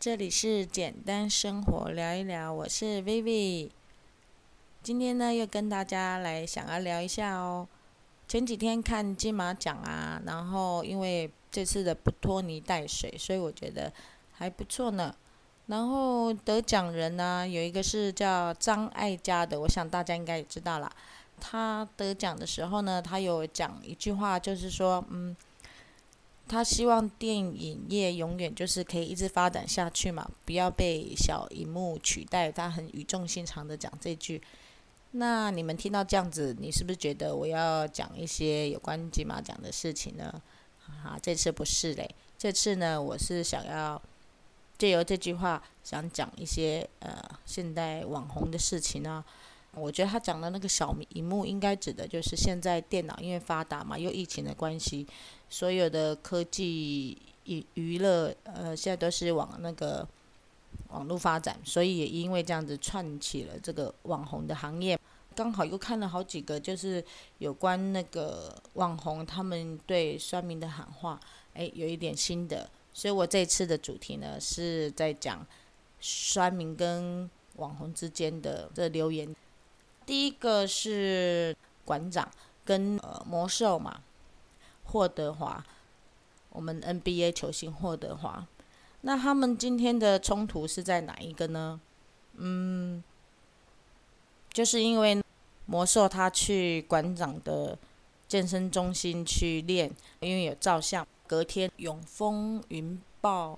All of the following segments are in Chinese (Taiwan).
這裡是簡單生活聊一聊，我是薇薇，今天呢，又跟大家來想要聊一下哦。前幾天看金馬獎啊，然後因為這次的不拖泥帶水，所以我覺得還不錯呢。然後得獎人呢，有一個是叫張艾嘉的，我想大家應該也知道了。他得獎的時候呢，他有講一句話，就是說，嗯。他希望電影業永遠就是可以一直發展下去嘛，不要被小熒幕取代。他很語重心長的講這句。那你們聽到這樣子，你是不是覺得我要講一些有關金馬獎的事情呢？啊，這次不是嘞，這次呢，我是想要借由這句話，想講一些呃現代網紅的事情呢、啊。我覺得他講的那個小熒幕應該指的就是現在電腦因為發達嘛，又疫情的關係，所有的科技與娛樂呃現在都是往那個網絡發展，所以也因為這樣子串起了這個網紅的行業。剛好又看了好幾個就是有關那個網紅他們對酸民的喊話，哎，有一點心得，所以我這次的主題呢是在講酸民跟網紅之間的這留言。第一個是館長跟、呃、魔獸嘛，霍德華，我們 NBA 球星霍德華，那他們今天的衝突是在哪一個呢？嗯，就是因為魔獸他去館長的健身中心去練，因為有照相，隔天永豐雲豹，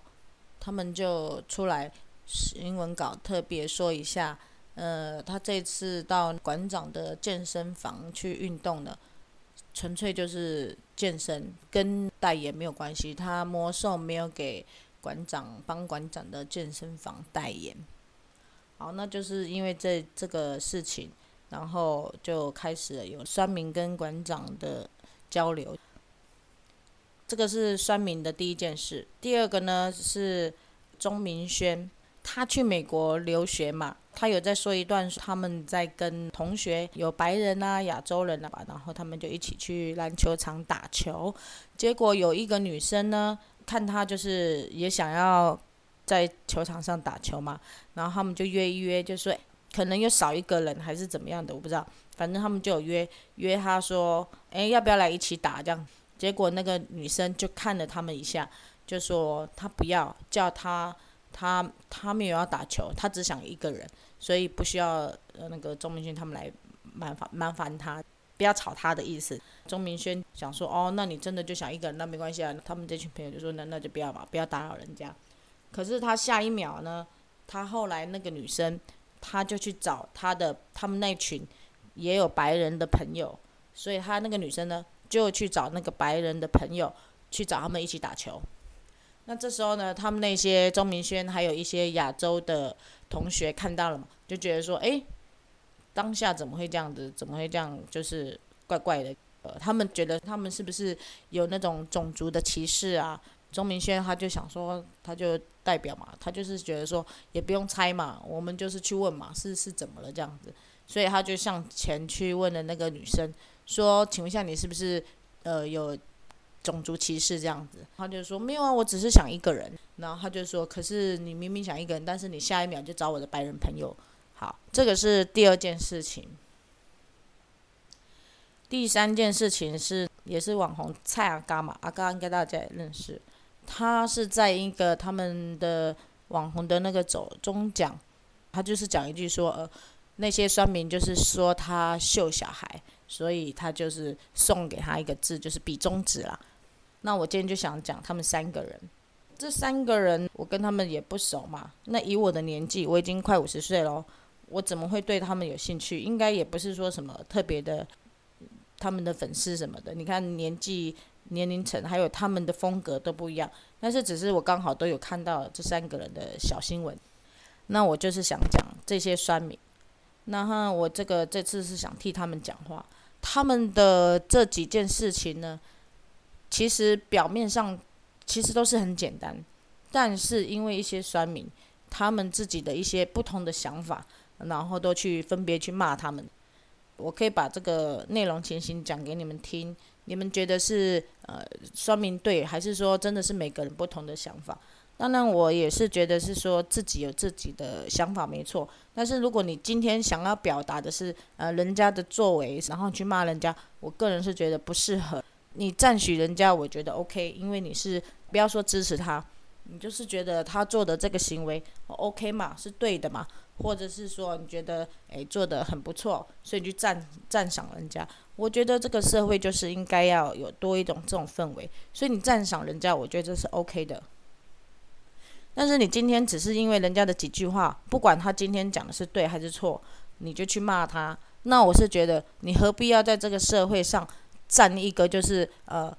他們就出來新聞稿，特別說一下。呃，他這次到館長的健身房去運動了，純粹就是健身，跟代言沒有關係。他魔獸沒有給館長幫館長的健身房代言。好，那就是因為這這個事情，然後就開始了有酸民跟館長的交流。這個是酸民的第一件事。第二個呢是鐘明軒，他去美國留學嘛。他有在說一段，他們在跟同學，有白人吶、啊、亞洲人了、啊、吧，然後他們就一起去籃球場打球，結果有一個女生呢，看她就是也想要在球場上打球嘛，然後他們就約一約，就說可能又少一個人還是怎麼樣的，我不知道，反正他們就有約約她說，哎，要不要來一起打這樣？結果那個女生就看了他們一下，就說她不要，叫她。他他沒有要打球，他只想一個人，所以不需要呃那個鐘明軒他們來麻煩麻煩他，不要吵他的意思。鐘明軒想說哦，那你真的就想一個人，那沒關係啊。他們這群朋友就說那那就不要嘛，不要打擾人家。可是他下一秒呢，他後來那個女生，他就去找他的他們那群也有白人的朋友，所以他那個女生呢就去找那個白人的朋友去找他們一起打球。那這時候呢，他們那些鍾明軒，還有一些亞洲的同學看到了嘛，就覺得說，哎、欸，當下怎麼會這樣子？怎麼會這樣？就是怪怪的。呃，他們覺得他們是不是有那種種族的歧視啊？鍾明軒他就想說，他就代表嘛，他就是覺得說，也不用猜嘛，我們就是去問嘛，是是怎麼了這樣子？所以他就向前去問了那個女生說，請問一下，你是不是呃有？種族歧視這樣子，他就說沒有啊，我只是想一個人。然後他就說，可是你明明想一個人，但是你下一秒就找我的白人朋友。好，這個是第二件事情。第三件事情是，也是網紅蔡阿嘎嘛，阿嘎應該大家也認識。他是在一個他們的網紅的那個走鐘獎，他就是講一句說，呃，那些酸民就是說他秀小孩，所以他就是送給他一個字，就是比中指啦。那我今天就想講他們三個人，這三個人我跟他們也不熟嘛。那以我的年紀，我已經快五十歲了，我怎麼會對他們有興趣？應該也不是說什麼特別的，他們的粉絲什麼的。你看年紀、年齡層，還有他們的風格都不一樣。但是只是我剛好都有看到這三個人的小新聞，那我就是想講這些酸民。那哈，我這個這次是想替他們講話，他們的這幾件事情呢？其實表面上，其實都是很簡單，但是因為一些酸民，他們自己的一些不同的想法，然後都去分別去罵他們。我可以把這個內容情形講給你們聽，你們覺得是呃酸民對，還是說真的是每個人不同的想法？當然我也是覺得是說自己有自己的想法沒錯，但是如果你今天想要表達的是呃人家的作為，然後去罵人家，我個人是覺得不適合。你贊許人家，我覺得 OK，因為你是不要說支持他，你就是覺得他做的這個行為 OK 嘛，是對的嘛，或者是說你覺得哎、欸、做得很不錯，所以你就贊贊賞人家。我覺得這個社會就是應該要有多一種這種氛圍，所以你贊賞人家，我覺得這是 OK 的。但是你今天只是因為人家的幾句話，不管他今天講的是對還是錯，你就去罵他，那我是覺得你何必要在這個社會上？贊一個就是呃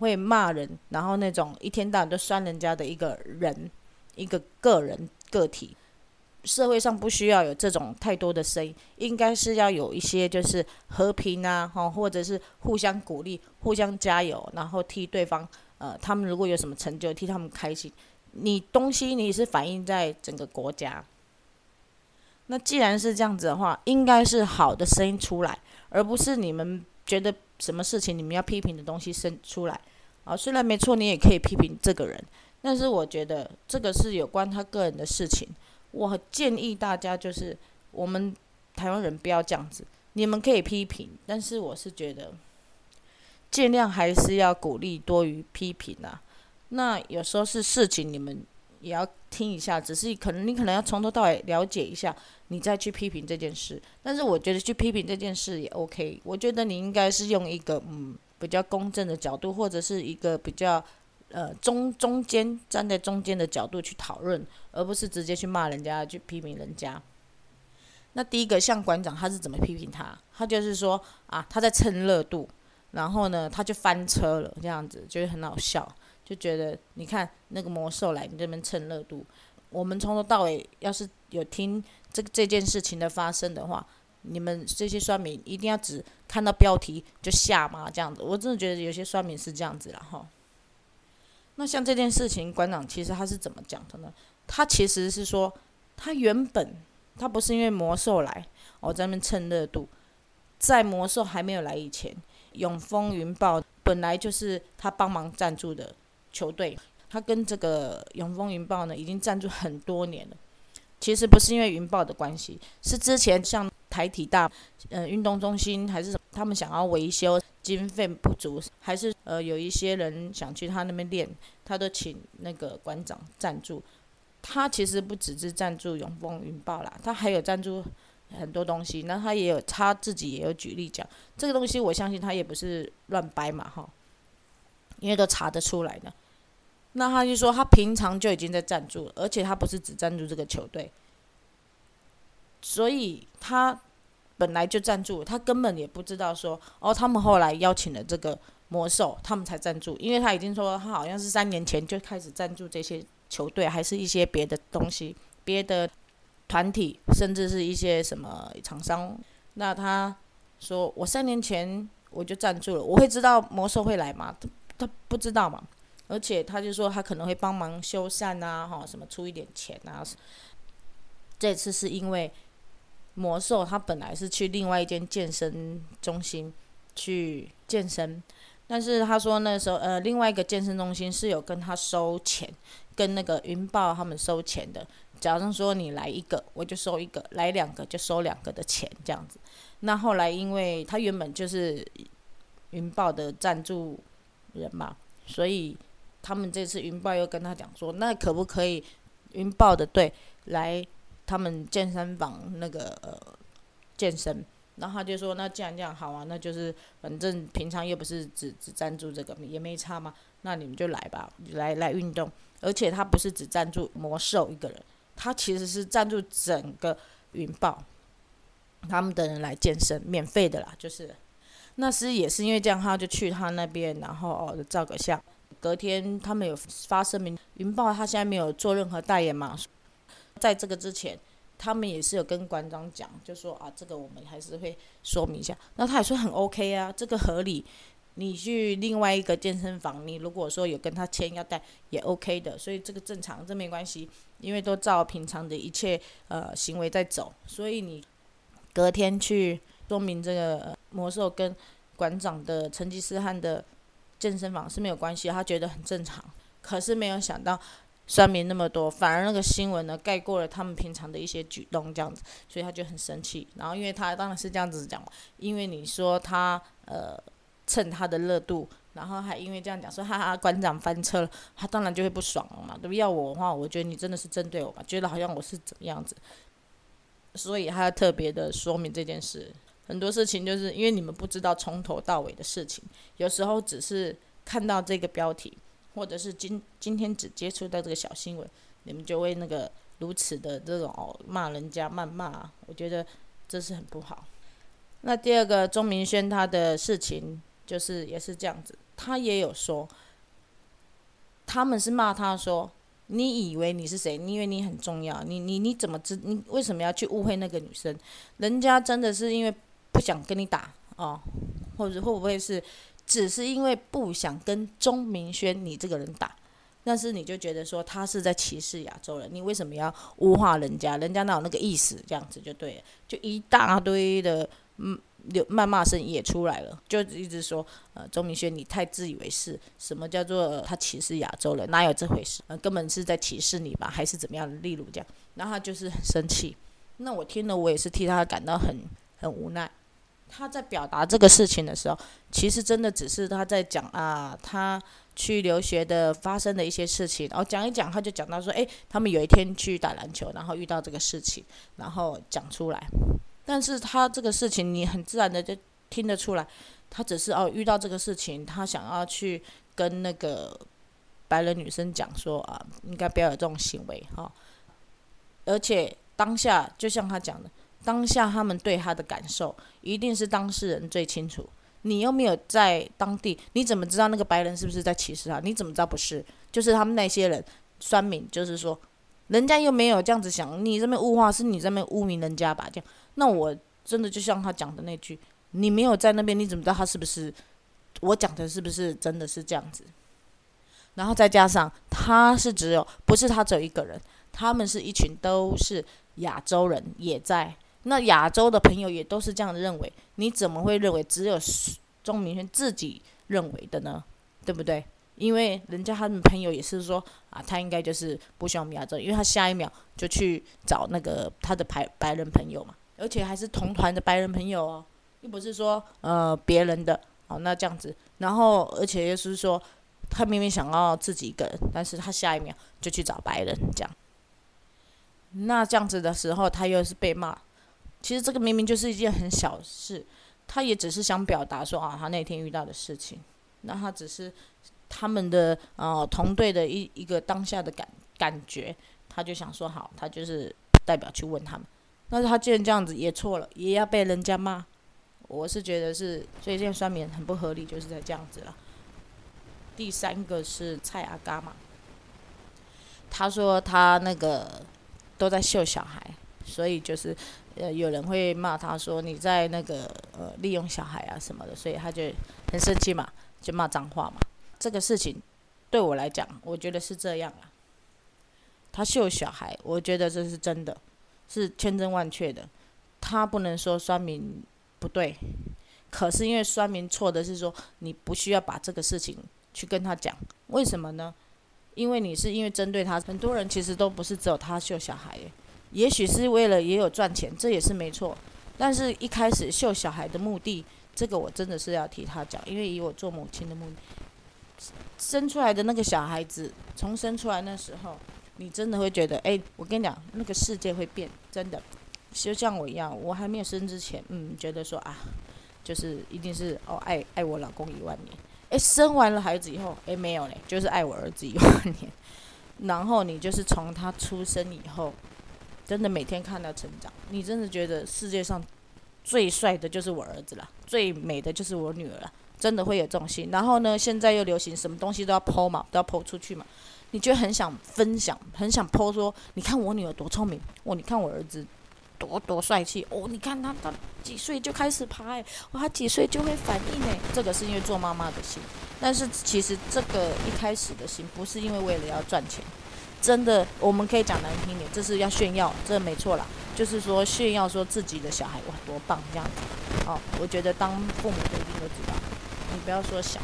會罵人，然後那種一天到晚都酸人家的一個人，一個個人個體，社會上不需要有這種太多的聲音，應該是要有一些就是和平啊，或者是互相鼓勵、互相加油，然後替對方呃他們如果有什麼成就，替他們開心。你東西你是反映在整個國家。那既然是這樣子的話，應該是好的聲音出來，而不是你們覺得。什麼事情你們要批評的東西生出來，啊，雖然沒錯，你也可以批評這個人，但是我覺得這個是有關他個人的事情。我很建議大家就是我們台灣人不要這樣子，你們可以批評，但是我是覺得，儘量還是要鼓勵多於批評啊。那有時候是事情，你們也要聽一下，只是可能你可能要從頭到尾了解一下，你再去批評這件事。但是我覺得去批評這件事也 OK。我覺得你應該是用一個嗯比較公正的角度，或者是一個比較呃中中間站在中間的角度去討論，而不是直接去罵人家去批評人家。那第一個像館長他是怎麼批評他？他就是說啊他在蹭熱度，然後呢他就翻車了，這樣子就是很好笑。就覺得，你看那個魔獸來，你這邊蹭熱度。我們從頭到尾，要是有聽這這件事情的發生的話，你們這些酸民一定要只看到標題就下嘛，這樣子。我真的覺得有些酸民是這樣子了哈。那像這件事情，館長其實他是怎麼講的呢？他其實是說，他原本他不是因為魔獸來，我在那邊蹭熱度。在魔獸還沒有來以前，永豐雲豹本來就是他幫忙贊助的。球隊，他跟這個永豐雲豹呢，已經贊助很多年了。其實不是因為雲豹的關係，是之前像台體大，呃，運動中心還是什麼，他們想要維修，經費不足，還是呃有一些人想去他那邊練，他都請那個館長贊助。他其實不只是贊助永豐雲豹啦，他還有贊助很多東西。那他也有他自己也有舉例講，這個東西我相信他也不是亂掰嘛，哈，因為都查得出來的。那他就說，他平常就已經在贊助了，而且他不是只贊助這個球隊，所以他本來就贊助，他根本也不知道說，哦，他們後來邀請了這個魔獸，他們才贊助，因為他已經說，他好像是三年前就開始贊助這些球隊，還是一些別的東西，別的團體，甚至是一些什麼廠商。那他說，我三年前我就贊助了，我會知道魔獸會來嗎？他他不知道嗎？而且他就說他可能會幫忙修繕啊，哈，什麼出一點錢啊。這次是因為魔獸他本來是去另外一間健身中心去健身，但是他說那時候呃另外一個健身中心是有跟他收錢，跟那個雲豹他們收錢的。假如說你來一個我就收一個，來兩個就收兩個的錢這樣子。那後來因為他原本就是雲豹的贊助人嘛，所以。他們這次雲豹又跟他講說，那可不可以雲豹的隊來他們健身房那個、呃、健身？然後他就說，那既然這樣好啊，那就是反正平常又不是只只贊助這個，也沒差嘛，那你們就來吧，來來運動。而且他不是只贊助魔獸一個人，他其實是贊助整個雲豹他們的人來健身，免費的啦，就是。那時也是因為這樣，他就去他那邊，然後哦，就照個相。隔天他們有發聲明，雲豹他現在沒有做任何代言嘛。在這個之前，他們也是有跟館長講，就說啊，這個我們還是會說明一下。那他也說很 OK 啊，這個合理。你去另外一個健身房，你如果說有跟他簽要帶，也 OK 的，所以這個正常，這沒關係，因為都照平常的一切呃行為在走，所以你隔天去說明這個、呃、魔獸跟館長的成吉思汗的。健身房是沒有關係，他覺得很正常。可是沒有想到，酸民那麼多，反而那個新聞呢，蓋過了他們平常的一些舉動這樣子，所以他就很生氣。然後，因為他當然是這樣子講，因為你說他呃蹭他的熱度，然後還因為這樣講說哈哈館長翻車了，他當然就會不爽了嘛。都要我的話，我覺得你真的是針對我吧？覺得好像我是怎麼樣子，所以他特別的說明這件事。很多事情就是因為你們不知道從頭到尾的事情，有時候只是看到這個標題，或者是今今天只接觸到這個小新聞，你們就會那個如此的這種哦，罵人家、謾罵。我覺得這是很不好。那第二個鐘明軒他的事情，就是也是這樣子，他也有說，他們是罵他說，你以為你是誰？你以為你很重要？你你你怎麼知？你為什麼要去誤會那個女生？人家真的是因為。不想跟你打哦，或者會不會是只是因為不想跟鐘明軒你這個人打，但是你就覺得說他是在歧視亞洲人，你為什麼要污化人家？人家哪有那個意思？這樣子就對了，就一大堆的嗯，就謾罵聲也出來了，就一直說呃鐘明軒你太自以為是，什麼叫做、呃、他歧視亞洲人？哪有這回事、呃？根本是在歧視你吧？還是怎麼樣的？例如這樣，那他就是很生氣，那我聽了我也是替他感到很很無奈。他在表達這個事情的時候，其實真的只是他在講啊，他去留學的發生的一些事情，然後講一講，他就講到說，欸，他們有一天去打籃球，然後遇到這個事情，然後講出來。但是他這個事情，你很自然的就聽得出來，他只是哦遇到這個事情，他想要去跟那個白人女生講說啊，應該不要有這種行為哈。而且當下就像他講的。當下他們對他的感受，一定是當事人最清楚。你又沒有在當地，你怎麼知道那個白人是不是在歧視他？你怎麼知道不是？就是他們那些人，酸民就是說，人家又沒有這樣子想，你這邊污化是你這邊污名人家吧？那我真的就像他講的那句，你沒有在那邊，你怎麼知道他是不是？我講的是不是真的是這樣子？然後再加上他是只有，不是他只有一個人，他們是一群都是亞洲人也在。那亞洲的朋友也都是這樣子認為，你怎麼會認為只有鐘明軒自己認為的呢？對不對？因為人家他的朋友也是說啊，他應該就是不喜歡亞洲，因為他下一秒就去找那個他的白白人朋友嘛，而且還是同團的白人朋友哦，又不是說呃別人的哦。那這樣子，然後而且又是說，他明明想要自己一個人，但是他下一秒就去找白人這樣。那這樣子的時候，他又是被罵。其實這個明明就是一件很小事，他也只是想表達說啊，他那天遇到的事情，那他只是他們的啊、呃，同隊的一一個當下的感感覺，他就想說好，他就是代表去問他們，但是他既然這樣子也錯了，也要被人家罵，我是覺得是最近算命很不合理，就是在這樣子了。第三個是蔡阿嘎嘛，他說他那個都在秀小孩，所以就是。呃，有人會罵他說，你在那個呃利用小孩啊什麼的，所以他就很生氣嘛，就罵髒話嘛。這個事情對我來講，我覺得是這樣啦。他秀小孩，我覺得這是真的，是千真萬確的。他不能說酸民不對，可是因為酸民錯的是說你不需要把這個事情去跟他講，為什麼呢？因為你是因為針對他，很多人其實都不是只有他秀小孩也許是為了也有賺錢，這也是沒錯。但是，一開始秀小孩的目的，這個我真的是要替他講，因為以我做母親的目的，生出來的那個小孩子，從生出來那時候，你真的會覺得，哎，我跟你講，那個世界會變，真的，就像我一樣，我還沒有生之前，嗯，覺得說啊，就是一定是哦，愛愛我老公一萬年。哎，生完了孩子以後，哎，沒有了，就是愛我兒子一萬年。然後你就是從他出生以後。真的每天看到成長，你真的覺得世界上最帥的就是我兒子了，最美的就是我女兒了，真的會有這種心。然後呢，現在又流行什麼東西都要 po 嘛，都要 po 出去嘛，你就很想分享，很想 po 說，你看我女兒多聰明，哦，你看我兒子多多帥氣，哦！你看他他幾歲就開始爬、欸，哇！他幾歲就會反應呢、欸？這個是因為做媽媽的心，但是其實這個一開始的心不是因為為了要賺錢。真的，我們可以講難聽點，這是要炫耀，這沒錯啦，就是說炫耀說自己的小孩哇多棒這樣子。好、哦，我覺得當父母的一定都知道，你不要說小，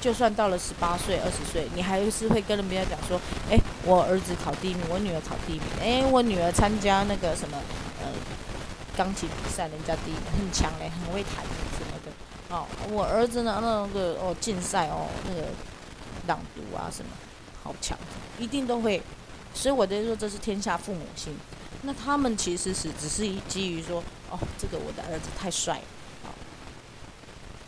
就算到了十八歲、二十歲，你還是會跟人家講說，誒，我兒子考第一名，我女兒考第一名，誒，我女兒參加那個什麼呃鋼琴比賽，人家第一名很強嘞，很會彈什麼的。哦，我兒子呢那個哦競賽哦那個朗讀啊什麼，好強，一定都會。所以我在說，這是天下父母心，那他們其實是只是基於說，哦，這個我的兒子太帥，哦，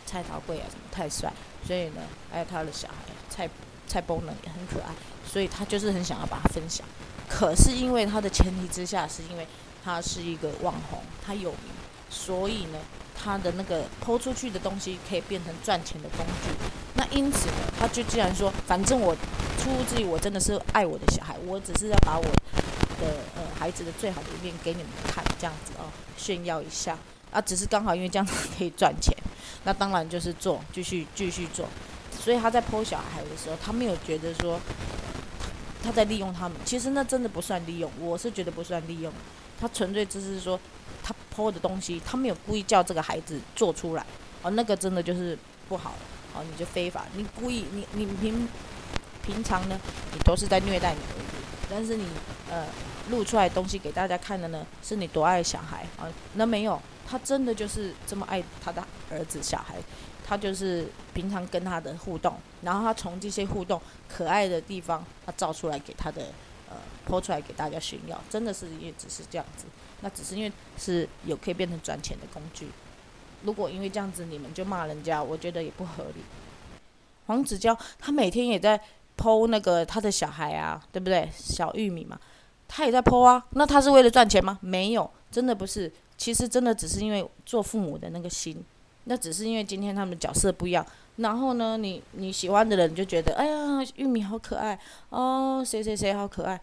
蔡桃貴啊什麼太帥，所以呢，還有他的小孩，蔡蔡波能也很可愛，所以他就是很想要把它分享。可是因為他的前提之下，是因為他是一個網紅，他有名，所以呢，他的那個 PO 出去的東西可以變成賺錢的工具。因此，他就既然說，反正我出自於，我真的是愛我的小孩，我只是要把我的呃孩子的最好的一面給你們看，這樣子哦，炫耀一下啊，只是剛好因為這樣子可以賺錢，那當然就是做，繼續繼續做。所以他在 PO 小孩的時候，他沒有覺得說他，他在利用他們，其實那真的不算利用，我是覺得不算利用，他純粹只是說他 PO 的東西，他沒有故意叫這個孩子做出來，而、哦、那個真的就是不好。你就非法，你故意，你你平平常呢，你都是在虐待你兒子，但是你呃錄出來東西給大家看的呢，是你多愛小孩啊？那、呃、沒有，他真的就是這麼愛他的兒子小孩，他就是平常跟他的互動，然後他從這些互動可愛的地方，他照出來給他的呃 PO 出來給大家炫耀，真的是也只是這樣子，那只是因為是有可以變成賺錢的工具。如果因為這樣子你們就罵人家，我覺得也不合理。黃子佼他每天也在 po 那個他的小孩啊，對不對？小玉米嘛，他也在 po 啊。那他是為了賺錢嗎？沒有，真的不是。其實真的只是因為做父母的那個心，那只是因為今天他們的角色不一樣。然後呢，你你喜歡的人就覺得，哎呀，玉米好可愛哦，誰誰誰好可愛，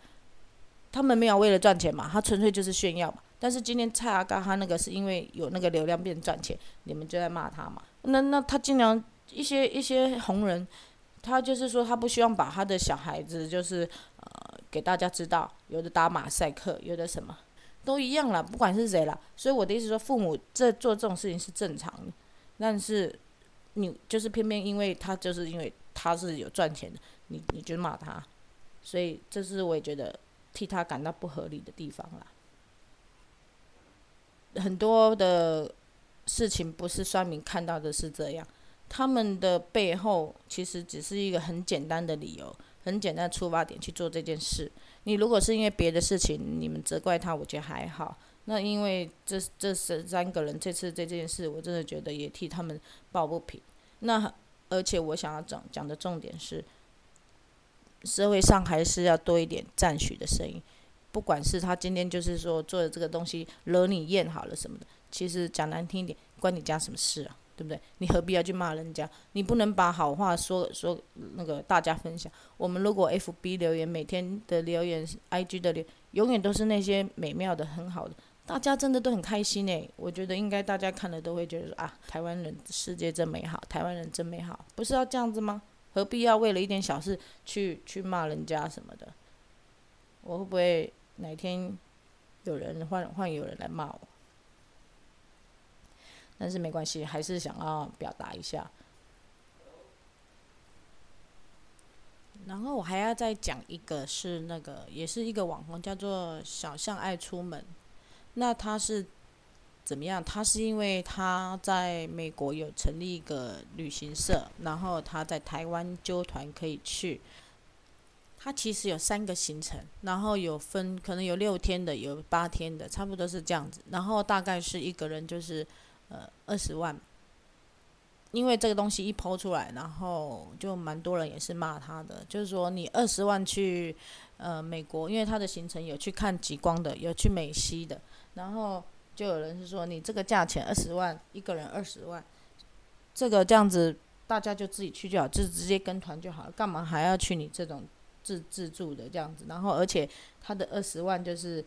他們沒有為了賺錢嘛，他純粹就是炫耀嘛。但是今天蔡阿嘎他那個是因為有那個流量變賺錢，你們就在罵他嘛？那那他經常一些一些紅人，他就是說他不希望把他的小孩子就是呃給大家知道，有的打馬賽克，有的什麼，都一樣了，不管是誰啦。所以我的意思說，父母在做這種事情是正常的，但是你就是偏偏因為他就是因為他是有賺錢的，你你就罵他，所以這是我也覺得替他感到不合理的地方啦。很多的事情不是酸民看到的是這樣，他們的背後其實只是一個很簡單的理由，很簡單的出發點去做這件事。你如果是因為別的事情，你們責怪他，我覺得還好。那因為這這三個人這次這件事，我真的覺得也替他們抱不平。那而且我想要講講的重點是，社會上還是要多一點讚許的聲音。不管是他今天就是說做的這個東西惹你厭好了什麼的，其實講難聽一點，關你家什麼事啊？對不對？你何必要去罵人家？你不能把好話說說那個大家分享。我們如果 FB 留言，每天的留言 IG 的留言，永遠都是那些美妙的、很好的，大家真的都很開心呢。我覺得應該大家看了都會覺得說啊，台灣人世界真美好，台灣人真美好，不是要這樣子嗎？何必要為了一點小事去去罵人家什麼的？我會不會？哪一天有人換換，有人來罵我，但是沒關係，還是想要表達一下。然後我還要再講一個，是那個也是一個網紅，叫做小象愛出門。那他是怎麼樣？他是因為他在美國有成立一個旅行社，然後他在台灣揪團可以去。他其實有三個行程，然後有分可能有六天的，有八天的，差不多是這樣子。然後大概是一個人就是，呃，二十萬。因為這個東西一拋出來，然後就蠻多人也是罵他的，就是說你二十萬去，呃，美國，因為他的行程有去看極光的，有去美西的。然後就有人是說你這個價錢二十萬，一個人二十萬，這個這樣子大家就自己去就好，就直接跟團就好了，幹嘛還要去你這種？自自助的這樣子，然後而且他的二十萬就是，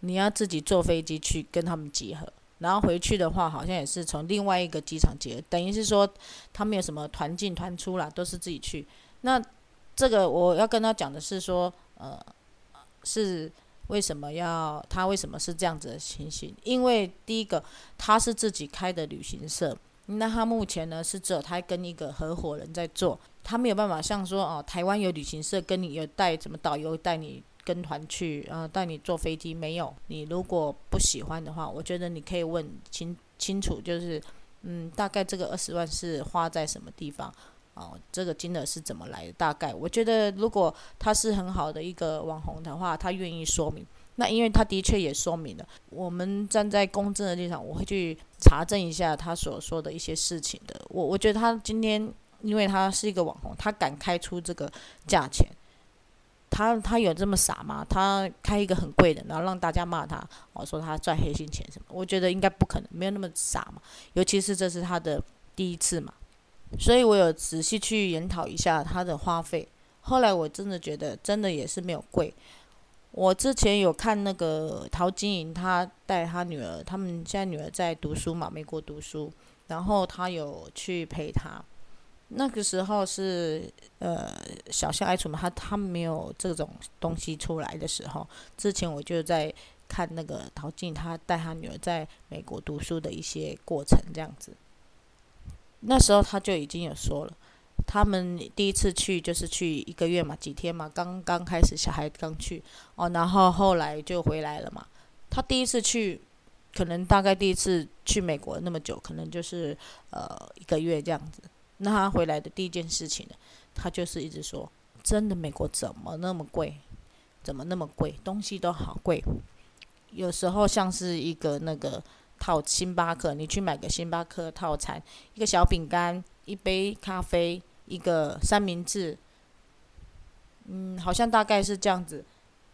你要自己坐飛機去跟他們集合，然後回去的話好像也是從另外一個機場集合，等於是說他們有什麼團進團出啦，都是自己去。那這個我要跟他講的是說，呃，是為什麼要他為什麼是這樣子的情形？因為第一個他是自己開的旅行社。那他目前呢是只有他跟一個合夥人在做，他沒有辦法像說哦，台灣有旅行社跟你有帶什麼導遊帶你跟團去啊，呃，帶你坐飛機沒有？你如果不喜歡的話，我覺得你可以問清清楚，就是嗯，大概這個二十萬是花在什麼地方，哦，這個金額是怎麼來的？大概我覺得如果他是很好的一個網紅的話，他願意說明。那因為他的確也說明了，我們站在公正的立場，我會去查證一下他所說的一些事情的。我我覺得他今天，因為他是一個網紅，他敢開出這個價錢，他他有這麼傻嗎？他開一個很貴的，然後讓大家罵他，我、哦、說他賺黑心錢什麼？我覺得應該不可能，沒有那麼傻嘛。尤其是這是他的第一次嘛，所以我有仔細去研討一下他的花費。後來我真的覺得真的也是沒有貴。我之前有看那個陶晶瑩，她帶她女兒，她們家女兒在讀書嘛，美國讀書，然後她有去陪她。那個時候是呃，小象愛寵她她沒有這種東西出來的時候。之前我就在看那個陶晶瑩，她帶她女兒在美國讀書的一些過程，這樣子。那時候她就已經有說了。他們第一次去就是去一個月嘛，幾天嘛，剛剛開始小孩剛去哦，然後後來就回來了嘛。他第一次去，可能大概第一次去美國那麼久，可能就是呃一個月這樣子。那他回來的第一件事情呢，他就是一直說，真的美國怎麼那麼貴，怎麼那麼貴，東西都好貴。有時候像是一個那個套星巴克，你去買個星巴克套餐，一個小餅乾，一杯咖啡。一個三明治，嗯，好像大概是這樣子，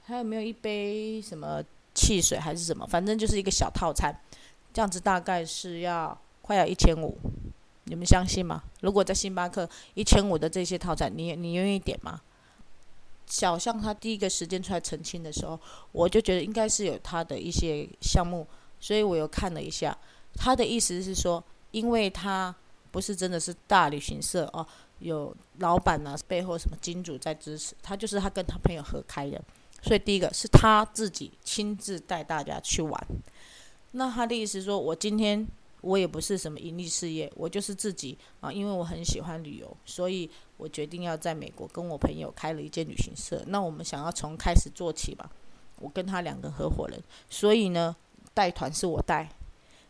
還有沒有一杯什麼汽水還是什麼？反正就是一個小套餐，這樣子大概是要快要一千五，你們相信嗎？如果在星巴克一千五的這些套餐，你你願意點嗎？小象他第一個時間出來澄清的時候，我就覺得應該是有他的一些項目，所以我又看了一下，他的意思是說，因為他不是真的是大旅行社哦。有老闆呢，啊，背後什麼金主在支持他？就是他跟他朋友合開的，所以第一個是他自己親自帶大家去玩。那他的意思說，我今天我也不是什麼盈利事業，我就是自己啊，因為我很喜歡旅遊，所以我決定要在美國跟我朋友開了一間旅行社。那我們想要從開始做起吧，我跟他兩個合夥人，所以呢，帶團是我帶。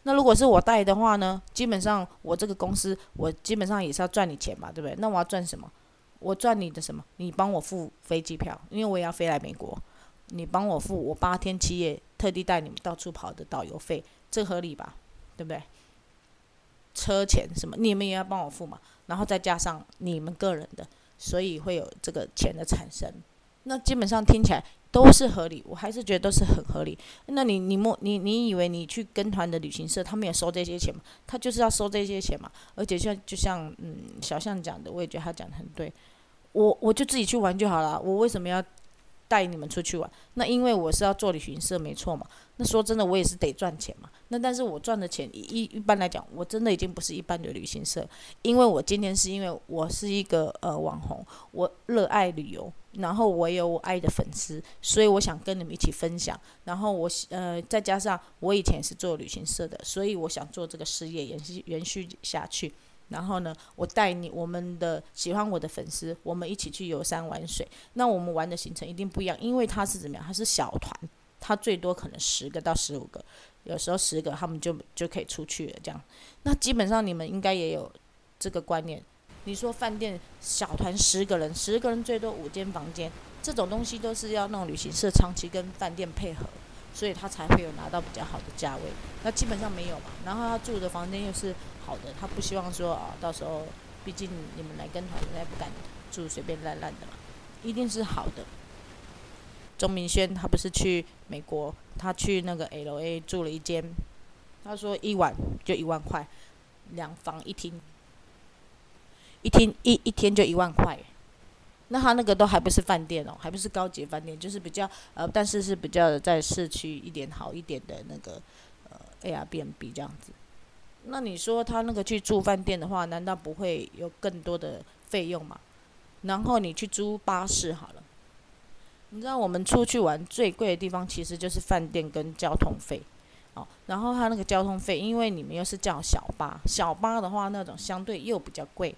那如果是我帶的話呢？基本上我這個公司，我基本上也是要賺你錢吧，對不對？那我要賺什麼？我賺你的什麼？你幫我付飛機票，因為我也要飛來美國，你幫我付我八天七夜特地帶你們到處跑的導遊費，這合理吧？對不對？車錢什麼，你們也要幫我付嘛。然後再加上你們個人的，所以會有這個錢的產生。那基本上聽起來都是合理，我還是覺得都是很合理。那你、你莫、你、你以為你去跟團的旅行社，他們也收這些錢嗎？他就是要收這些錢嘛。而且像就像，就像嗯小象講的，我也覺得他講的很對。我我就自己去玩就好了，我為什麼要帶你們出去玩？那因為我是要做旅行社沒錯嘛。那說真的，我也是得賺錢嘛。那但是我賺的錢一一般來講，我真的已經不是一般的旅行社，因為我今天是因為我是一個呃網紅，我熱愛旅遊。然後我有我愛的粉絲，所以我想跟你們一起分享。然後我呃再加上我以前也是做旅行社的，所以我想做這個事業延續延續下去。然後呢，我帶你，我們的喜歡我的粉絲，我們一起去遊山玩水。那我們玩的行程一定不一樣，因為它是怎麼樣？它是小團，它最多可能十個到十五個，有時候十個他們就就可以出去了。這樣，那基本上你們應該也有這個觀念。你說飯店小團十個人，十個人最多五間房間，這種東西都是要那種旅行社長期跟飯店配合，所以他才會有拿到比較好的價位。那基本上沒有嘛。然後他住的房間又是好的，他不希望說啊，到時候畢竟你們來跟團，人家不敢住隨便爛爛的嘛，一定是好的。鐘明軒他不是去美國，他去那個 LA 住了一間，他說一晚就一萬塊，兩房一廳。一天一一天就一萬塊，那他那個都還不是飯店哦，還不是高級飯店，就是比較呃，但是是比較在市區一點好一點的那個呃 Airbnb 這樣子。那你說他那個去住飯店的話，難道不會有更多的費用嗎？然後你去租巴士好了。你知道我們出去玩最貴的地方其實就是飯店跟交通費哦。然後他那個交通費，因為你們又是叫小巴，小巴的話那種相對又比較貴。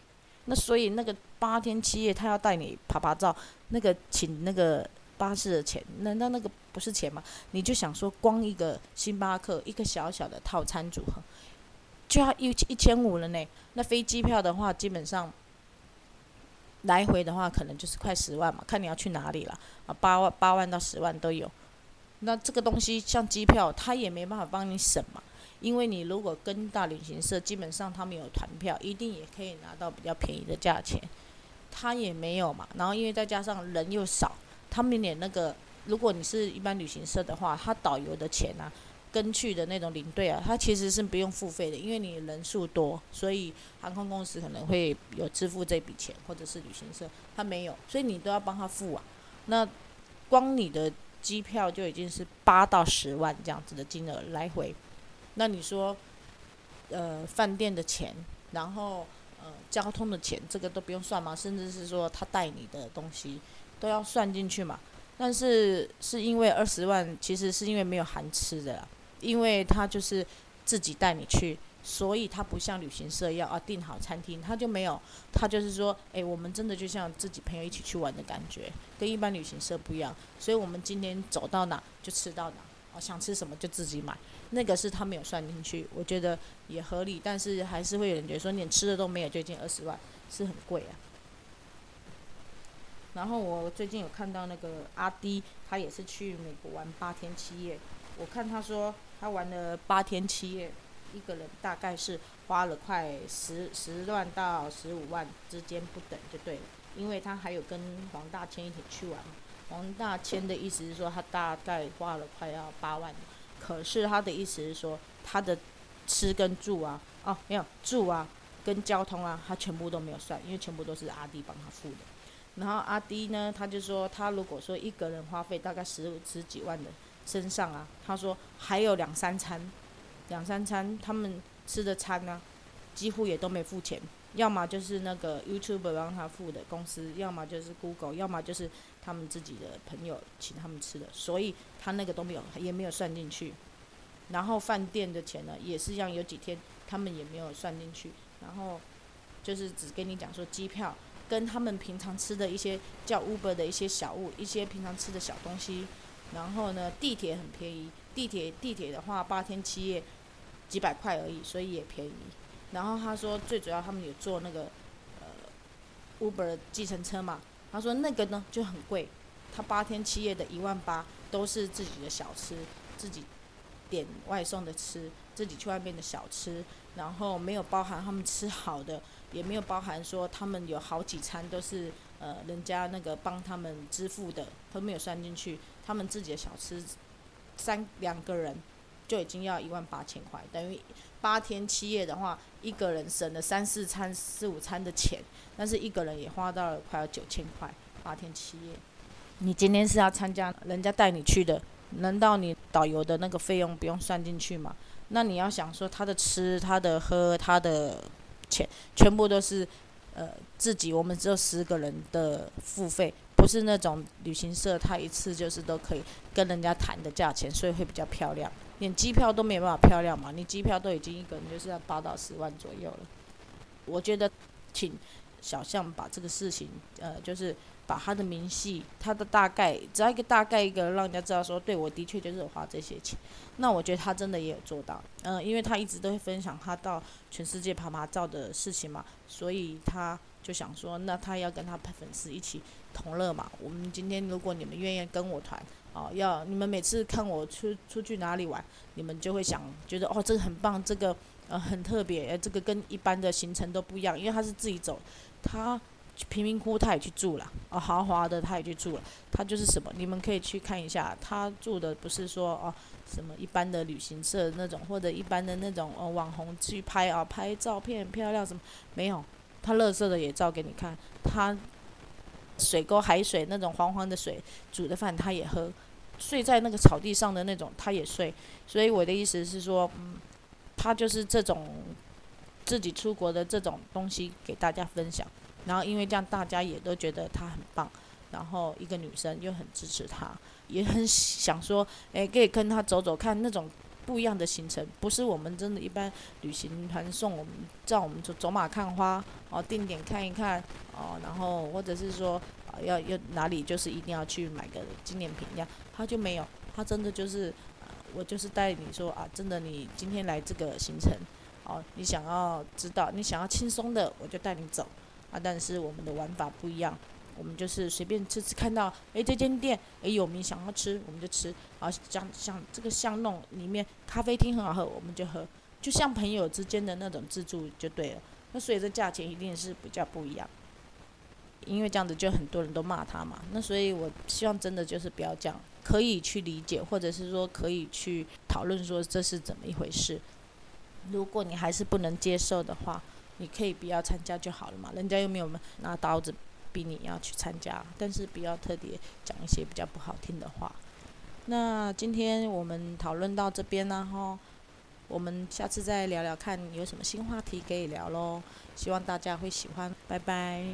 那所以那個八天七夜他要帶你拍拍照，那個請那個巴士的錢，那那那個不是錢嗎？你就想說光一個星巴克一個小小的套餐組合，就要一一千五了呢。那飛機票的話，基本上來回的話可能就是快十萬嘛，看你要去哪裡了啊，八萬八萬到十萬都有。那這個東西像機票，他也沒辦法幫你省嘛。因為你如果跟大旅行社，基本上他們有團票，一定也可以拿到比較便宜的價錢。他也沒有嘛，然後因為再加上人又少，他們連那個，如果你是一般旅行社的話，他導遊的錢啊，跟去的那種領隊啊，他其實是不用付費的，因為你人數多，所以航空公司可能會有支付這筆錢，或者是旅行社他沒有，所以你都要幫他付啊。那光你的機票就已經是八到十萬這樣子的金額來回。那你說，呃，飯店的錢，然後呃，交通的錢，這個都不用算嗎？甚至是說他帶你的東西都要算進去嘛？但是是因為二十萬，其實是因為沒有含吃的啦，因為他就是自己帶你去，所以他不像旅行社要啊訂好餐廳，他就沒有，他就是說，哎，我們真的就像自己朋友一起去玩的感覺，跟一般旅行社不一樣，所以我們今天走到哪就吃到哪。哦，想吃什麼就自己買，那個是他沒有算進去，我覺得也合理，但是還是會有人覺得說連吃的都沒有，接近二十萬是很貴啊。然後我最近有看到那個阿滴，他也是去美國玩八天七夜，我看他說他玩了八天七夜，一個人大概是花了快十十萬到十五萬之間不等就對了，因為他還有跟黃大千一起去玩。王大千的意思是說，他大概花了快要八萬，可是他的意思是說，他的吃跟住啊，哦，沒有住啊，跟交通啊，他全部都沒有算，因為全部都是阿滴幫他付的。然後阿滴呢，他就說，他如果說一個人花費大概十十幾萬的身上啊，他說還有兩三餐，兩三餐他們吃的餐呢、啊，幾乎也都沒付錢，要麼就是那個 YouTube 幫他付的公司，要麼就是 Google，要麼就是。他們自己的朋友請他們吃的，所以他那個都沒有，也沒有算進去。然後飯店的錢呢，也是像有幾天他們也沒有算進去。然後就是只跟你講說機票，跟他們平常吃的一些叫 Uber 的一些小物，一些平常吃的小東西。然後呢，地鐵很便宜，地鐵地鐵的話八天七夜幾百塊而已，所以也便宜。然後他說最主要他們有坐那個呃 Uber 的計程車嘛。他說那個呢就很貴，他八天七夜的一萬八都是自己的小吃，自己點外送的吃，自己去外面的小吃，然後沒有包含他們吃好的，也沒有包含說他們有好幾餐都是呃人家那個幫他們支付的，都沒有算進去，他們自己的小吃三兩個人，就已經要一萬八千塊，等於八天七夜的話，一個人省了三四餐、四五餐的錢，但是一個人也花到了快要九千塊。八天七夜，你今天是要參加，人家帶你去的，難道你導遊的那個費用不用算進去嗎？那你要想說，他的吃、他的喝、他的錢，全部都是呃自己，我們只有十個人的付費，不是那種旅行社他一次就是都可以跟人家談的價錢，所以會比較漂亮。連機票都沒有辦法漂亮嘛？你機票都已經一個人就是要八到十萬左右了。我覺得，請小象把這個事情，呃，就是把他的明細、他的大概，只要一個大概一個，讓人家知道說，對，我的確就是有花這些錢。那我覺得他真的也有做到，嗯、呃，因為他一直都會分享他到全世界拍拍照的事情嘛，所以他就想說，那他要跟他粉絲一起同樂嘛。我們今天如果你們願意跟我團。哦，要你們每次看我出出去哪裡玩，你們就會想覺得哦，這個很棒，這個呃很特別，呃，這個跟一般的行程都不一樣，因為他是自己走，他去貧民窟他也去住了，哦，豪華的他也去住了，他就是什麼，你們可以去看一下，他住的不是說哦什麼一般的旅行社那種，或者一般的那種，哦，網紅去拍啊，哦，拍照片漂亮什麼沒有，他樂色的也照給你看，他。水溝海水那種，黃黃的水煮的飯他也喝，睡在那個草地上的那種他也睡，所以我的意思是說，嗯，他就是這種自己出國的這種東西給大家分享，然後因為這樣大家也都覺得他很棒，然後一個女生又很支持他，也很想說，哎、欸，可以跟他走走看那種。不一樣的行程，不是我們真的，一般旅行團送我們，叫我們走走馬看花哦、啊，定點看一看哦、啊，然後或者是說，啊、要要哪裡就是一定要去買個紀念品這樣，他就沒有，他真的就是，我就是帶你說啊，真的你今天來這個行程，哦、啊，你想要知道，你想要輕鬆的，我就帶你走啊，但是我們的玩法不一樣。我們就是隨便吃吃，看到誒這間店誒有名，想要吃我們就吃；然後像像這個巷弄裡面咖啡廳很好喝，我們就喝。就像朋友之間的那種自助就對了。那所以這價錢一定是比較不一樣，因為這樣子就很多人都罵他嘛。那所以我希望真的就是不要這樣，可以去理解，或者是說可以去討論說這是怎麼一回事。如果你還是不能接受的話，你可以不要參加就好了嘛，人家又沒有拿刀子，逼你要去參加，但是比較特別講一些比較不好聽的話。那今天我們討論到這邊呢，哈，我們下次再聊聊看有什麼新話題可以聊嘍。希望大家會喜歡，拜拜。